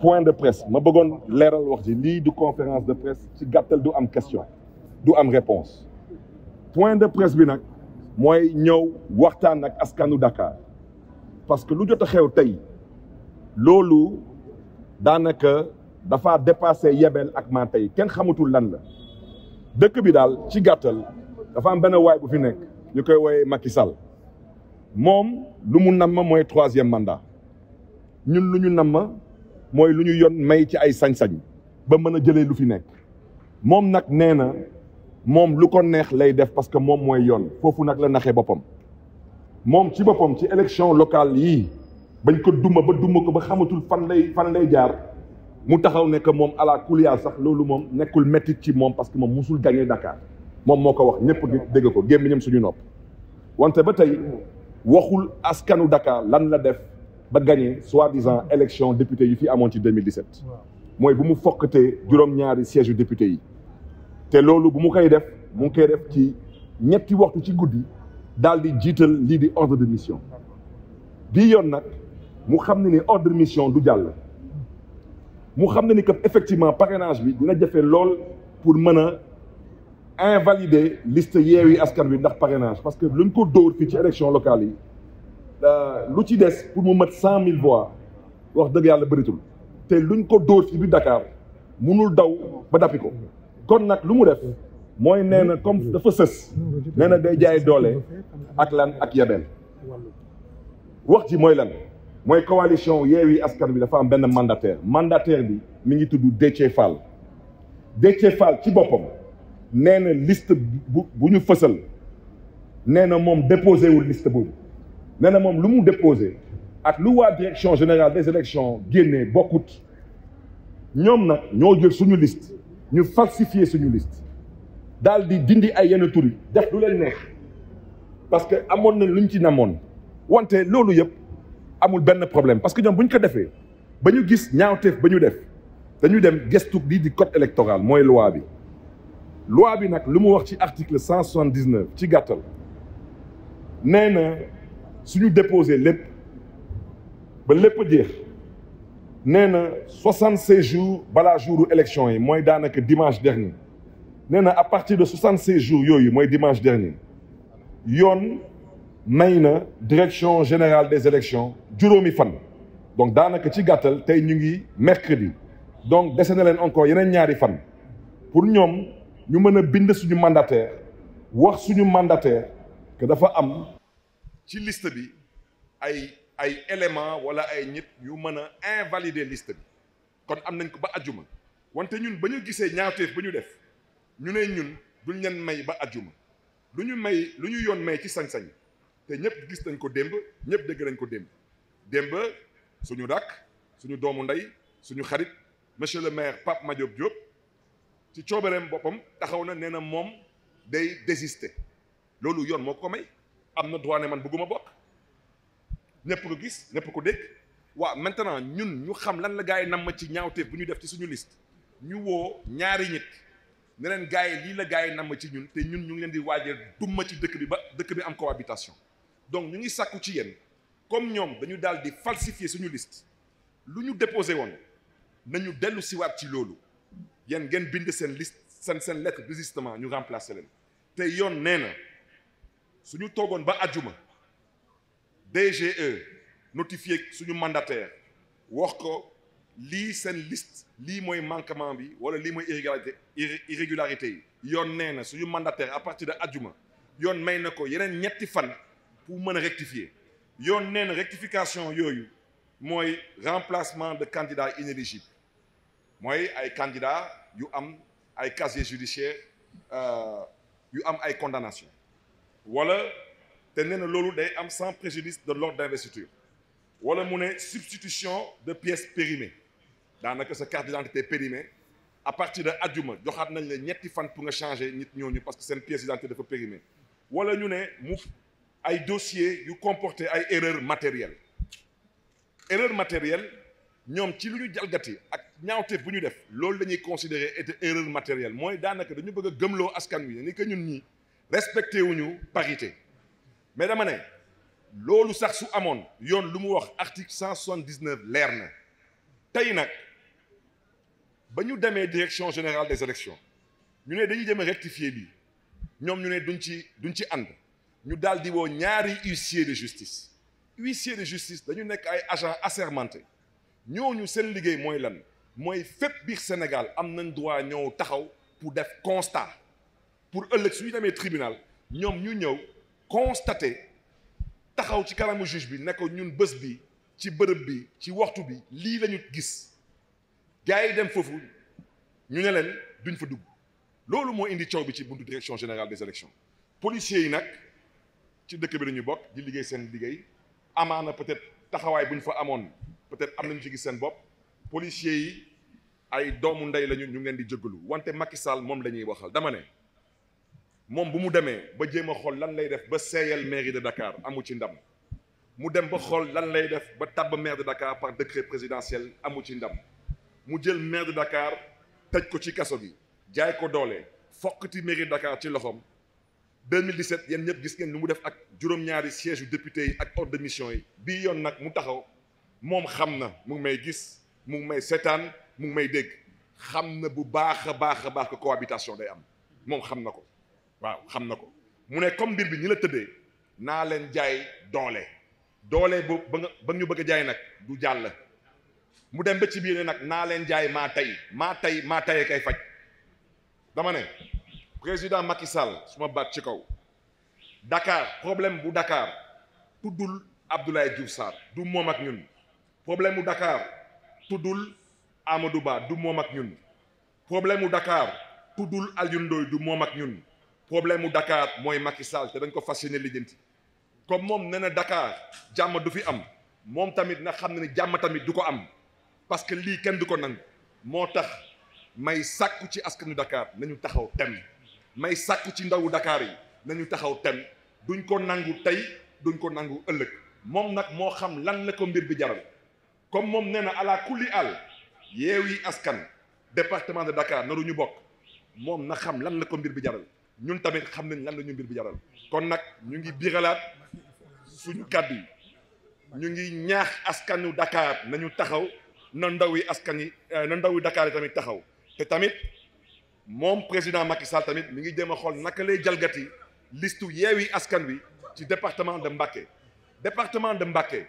point de presse ma bëggoon leeral wax ji lii du conférence de presse ci gàttal du am question du am réponse point de presse bi nag mooy ñëw waxtaan ak askanu Dakar parce que lu jot a xew tey loolu daanaka dafa dépassé yebel ak maa tey kenn xamatul lan la dëkk bi daal ci gàttal dafa am benn waay bu fi nekk ñu koy woowee makisal moom lu mu namm mooy troisième mandat ñun lu ñu namm mooy lu ñu yoon may ci ay sañ-sañ ba mën a jëlee lu fi nekk moom nag nee na moom lu ko neex lay def parce que moom mooy yoon foofu nag la naxee boppam moom ci boppam ci élection locale yii bañ ko duma ba duma ko ba xamatul fan lay fan lay jaar mu taxaw ne que moom ala kuliyaal sax loolu moom nekkul métti ci moom parce que moom musul gagné Dakar moom moo ko wax ñëpp dégg ko gémmiñam suñu nopp wante ba tey waxul askanu dakaar lan la def ba gagné soi-disant élection député yi fi amoon ci 2017. mooy bu mu fokkatee juróom-ñaari siège député yi. te loolu bu mu koy def mu koy def ci ñetti waxtu ci guddi daal di jiital lii di ordre de mission. bii yoon nag mu xam ne ni ordre de mission du jàll. mu xam ne ni que effectivement parrainage bi dina jafe lool pour mën a. invalider liste Yewwi Askan Wi ndax parrainage parce que luñ ko dóor fii ci élection locale yi Euh, lu ci des pour mu mat cent mille voix wax dëgg yàlla bëritul te lu luñ ko dóor ci biir Dakar mënul daw ba dappi ko kon nag lu mu def mooy nee na comme dafa sës nee na day jaay doole ak lan ak yabeel wax ji mooy lan mooy coalition Yewwi Askan Wi dafa am benn mandataire mandataire bi mi ngi tudd Déthié Fall Déthié Fall ci boppam nee na liste bu bu ñu fësal nee na moom déposé wul liste boobu nee na moom lu mu déposé ak lu waa direction générale des élections génnee bokkut ñoom na ñoo jël suñu list ñu falsifier suñu liste daal di dindi ay yenn tur yi def du leen neex parce que amoon na luñ ci namoon wante loolu yëpp amul benn problème parce que ñoom bu ñu ko defee ba ñu gis ñaawteef ba ñu def dañu dem gëstu lii di code électoral mooy loi bi loi bi nag lu mu wax ci article cent soixante-dix-neuf ci gàttal nee na suñu déposé lépp ba lépp a jeex nee na soixante seize jours balaa jouru élection yi mooy daanaka dimanche dernier nee na à partir de soixante seize jours yooyu mooy dimanche dernier yoon may na direction générale des élections juróomi fan donc daanaka ci gàttal tey ñu ngi mercredi donc dese na leen encore yeneen ñaari fan pour ñoom ñu mën a bind suñu mandataire wax suñu mandataire que dafa am ci liste bi ay ay éléments wala ay nit yu mën a invalider liste bi kon am nañ ko ba ajjuma wante ñun ba ñu gisee ñaawteef ba ñu def ñu ne ñun duñ leen may ba ajuma lu ñu may lu ñu yoon may ci sañ-sañ te ñëpp gis nañ ko démb ñëpp dëgg nañ ko démb démb suñu rakk suñu doomu ndey suñu xarit monsieur le maire Pape Madiop Diop ci coobareem boppam taxaw na nee na moom day désisté loolu yoon moo ko may am na droit ne man bëgguma bokk ñëpp ko gis ñëpp ko dégg waaw maintenant ñun ñu xam lan la gars yi namm ci ñaawteef bu ñu def ci suñu list ñu woo ñaari nit ne leen gars yi lii la gars yi namm ci ñun te ñun ñu ngi leen di waajal dumma ci dëkk bi ba dëkk bi am cohabitation donc ñu ngi sàkku ci yéen comme ñoom dañu daal di falsifier suñu list lu ñu déposé woon nañu dellu siwaat ci loolu yéen ngeen bind seen liste seen seen lekk de désistement ñu remplacer leen te yoon nee na su ñu toogoon ba àjjuma DGE notifié suñu mandataire wax ko lii seen liste lii mooy manquement bi wala lii mooy irrégularité irrégularité yi yoon nee na suñu mandataire à partir de àjjuma yoon may na ko yeneen ñetti fan pour mën a rectifier yoon nee na rectification yooyu mooy remplacement de candidats inéligibles mooy ay candidats yu am ay casier judiciaire euh, yu am ay condamnation wala te nee na loolu day am sans préjudice de l'ordre d'investiture wala mu ne substitution de pièces périmées daanaka sa carte d'identité périmée à partir de ajuma joxaat nañ la ñetti fan pour nga changer nit ñooñu parce que seen pièce d'identité dafa périmée wala ñu ne mu ay dossier yu comporté ay erreur matérielle erreur matérielle ñoom ci lu ñu jalgati ak ñaawteef bu ñu def loolu la ñuy considérer était erreur matérielle mooy daanaka dañu bëgg a gëmloo askan wi ni que ñun ñii respecté wuñu parité mais dama ne loolu sax su amoon yoon lu mu wax article cent soixante dix neuf leer na tey nag ba ñu demee direction général des élections ñu ne dañuy demee rectifier bi ñoom ñu ne duñ ci duñ ci ànd ñu daal di woo ñaari huissier de justice huissier de justice dañu nekk ay agent assermenté ñooñu seen liggéey mooy lan mooy fépp biir Sénégal am nañ droit ñëw taxaw pour def constat pour ëllëg su ñu demee tribunal ñoom ñu ñëw constater taxaw ci kanamu juge bi ne ñun bës bi ci bërëb bi ci waxtu bi lii lañu gis gars yi dem foofu ñu ne leen duñ fa dugg loolu moo indi coow bi ci buntu direction générale des élections policiers yi nag ci dëkk bi dañuy bokk di liggéey seen liggéey amaana peut-être taxawaay bu ñu fa amoon peut-être am nañu ci gis seen bopp policiers yi ay doomu ndey lañu ñu ngi leen di jëggalu wante Macky Sall moom la ñuy waxal dama ne. moom bu mu demee ba jéem a xool lan lay def ba seeyal mairie de Dakar amu ci ndam mu dem ba xool lan lay def ba tabb maire de Dakar par décret présidentiel amu ci ndam mu jël maire de Dakar tëj ko ci kaso bi jaay ko doole fokkati mairie de Dakar ci loxoom 2017 yéen ñëpp gis ngeen lu mu def ak juróom-ñaari siège yu député yi ak ordre de mission yi bii yoon nag mu taxaw moom xam na mu ngi may gis mu may seetaan mu ngi may dégg xam na bu baax a baax a baax que cohabitation day am moom xam na ko waaw xam na ko mu ne comme mbir bi ñi la tëddee naa leen jaay doole doole bu ba nga ba ñu bëgg a jaay nag du jàll mu dem ba ci biir ne nag naa leen jaay maa tey maa tey maa tey kay faj dama ne président Macky Sall su ma baat ci kaw Dakar problème bu Dakar tuddul Abdoulaye Diouf Sarr du moom ak ñun problème mu Dakar tuddul Amadou Ba du moom ak ñun problème mu Dakar tuddul Alioune Ndoye du moom ak ñun problème mu Dakar mooy Macky Sall te dañ ko fas yéene lijjanti comme moom nee na Dakar jàmm du fi am moom tamit na xam ne ne jàmm tamit du ko am parce que lii kenn du ko nangu moo tax may sàkku ci askanu Dakar nañu taxaw tem may sàkku ci ndawu Dakar yi nañu taxaw tem duñ ko nangu tey duñ ko nangu ëllëg moom nag moo xam lan la ko mbir bi jaral comme moom nee na ala kulli àll yeewi askan département de Dakar ñu bokk moom na xam lan la ko mbir bi jaral ñun tamit xam nañ lan la ñu mbir bi jaral kon nag ñu ngi biiralaat suñu kàddu yi ñu ngi ñaax askanu dakaar nañu taxaw na ndaw yi askan yi eh, na ndaw yi Dakar yi tamit taxaw te tamit moom président Macky Sall tamit mi ngi jéem a xool naka lay jalgati liste Yewwi Askan Wi ci département de Mbacké département de Mbacké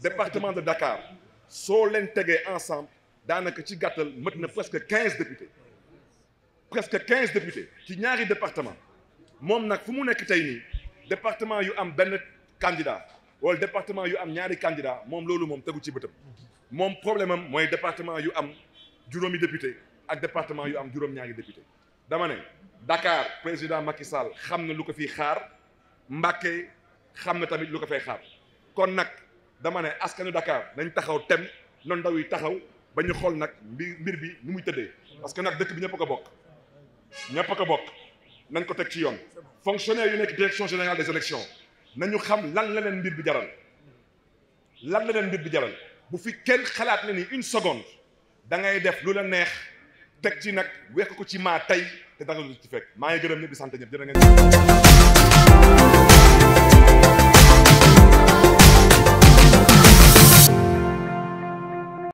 département de dakaar soo leen tegee ensemble daanaka ci gàttal mët na presque quinze députés presque quinze députés ci ñaari département moom nag fu mu nekk tey nii département yu am benn candidat wala département yu am ñaari candidat moom loolu moom tegu ci bëtam moom problème am mooy département yu am juróomi député ak département yu am juróom-ñaari député dama ne Dakar président Macky Sall xam na lu ko fi xaar Mbacké xam na tamit lu ko fee xaar kon nag dama ne askanu Dakar nañ taxaw tem noonu ndaw yi taxaw ba ñu xool nag mbir mbir bi nu muy tëddee parce que nag dëkk bi ñëpp ko bokk ñëpp ko bokk nañ ko teg ci yoon fonctionnaire yu nekk direction générale des élections nañu xam lan la leen mbir bi jaral lan la leen mbir bi jaral bu fi kenn xalaat ne ni une seconde dangay def lu la neex teg ci nag wekk ko ci maa tey te dara du ci fekk maa ngi gërëm ñëpp di sant ñëpp jërë ngeen